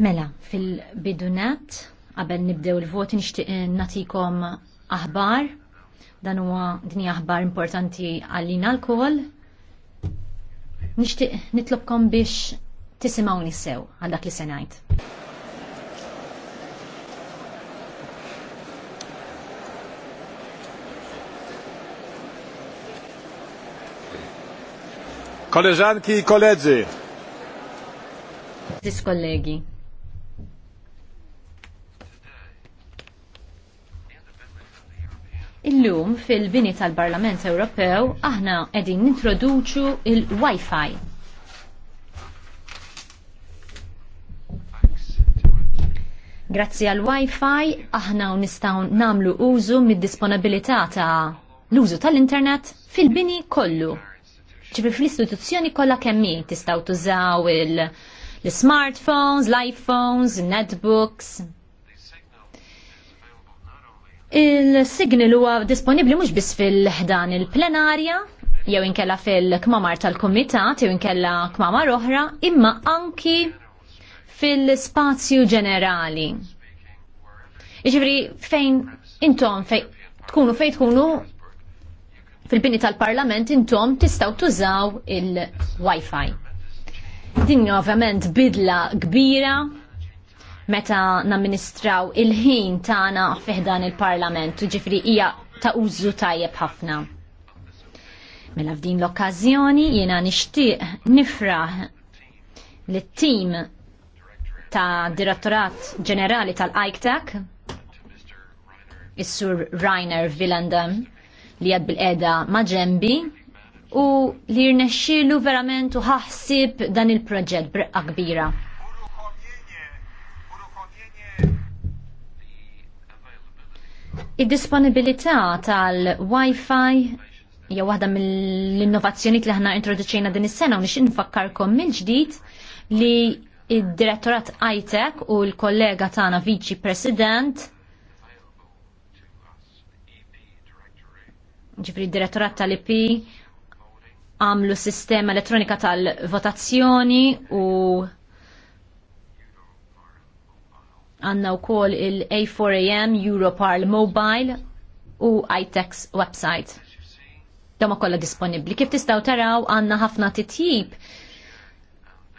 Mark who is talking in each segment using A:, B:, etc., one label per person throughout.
A: Mela, fil-bidunat, qabel nibdew il-voti nixtieq eh, natikom aħbar. Dan huwa dini aħbar importanti għallin għal kol Nixtieq nitlobkom biex tisimgħuni sew għal dak li se ngħid. Koleżanki i koledzy. Dis kollegi, Illum fil-bini tal-Parlament Ewropew aħna qegħdin nintroduċu il-Wi-Fi. Grazzi għal Wi-Fi aħna nistgħu nagħmlu użu mid-disponibilità ta' l-użu tal-internet fil-bini kollu. Ġifri fl-istituzzjoni kollha kemm tistgħu tużaw il- l-smartphones, l-iPhones, netbooks, Il-signal huwa disponibbli mhux biss fil-ħdan il-plenarja, jew inkella fil-kmamar tal-kumitat, jew inkella kmamar oħra, imma anki fil-spazju ġenerali. Iġifri fejn intom fejn tkunu fejn tkunu fil-bini tal-parlament intom tistaw tużaw il-Wi-Fi. Din ovvjament bidla kbira meta namministraw il-ħin tagħna fiħdan il-Parlament, ġifri hija ta' użu tajjeb ħafna. Mela f'din l-okkażjoni jiena nixtieq nifraħ lit-tim ta' Direttorat Ġenerali tal-ICTAC, is-Sur Rainer Villandem li għad bil-qeda maġembi u li rnexxielu verament u ħaħsib dan il-proġett briqqa kbira. Id-disponibilità tal-Wi-Fi jew waħda mill-innovazzjonijiet li ħna introduċejna din is-sena u nixin nfakkarkom mill-ġdid li id-direttorat ITEC u l-kollega tagħna Viċi President ġifri direttorat tal-IP għamlu sistema elettronika tal-votazzjoni u Għanna u koll il-A4AM, Europarl Mobile u iTex website. Dama kolla disponibli. Kif tistaw taraw għanna ħafna titjib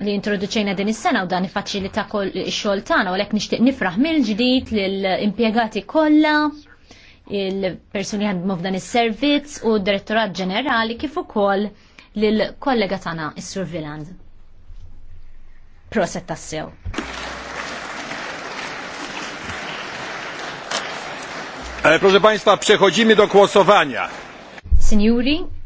A: li introduċejna din is-sena u dan ifaċilita kol ix-xogħol tagħna u lek nixtieq nifraħ mill-ġdid lill-impjegati kollha il-persuni ħadmu f'dan is-servizz u d-direttorat ġenerali kif ukoll lill-kollega tagħna is-Surviland. Proset tassew. E, proszę Państwa, przechodzimy do głosowania. Signori,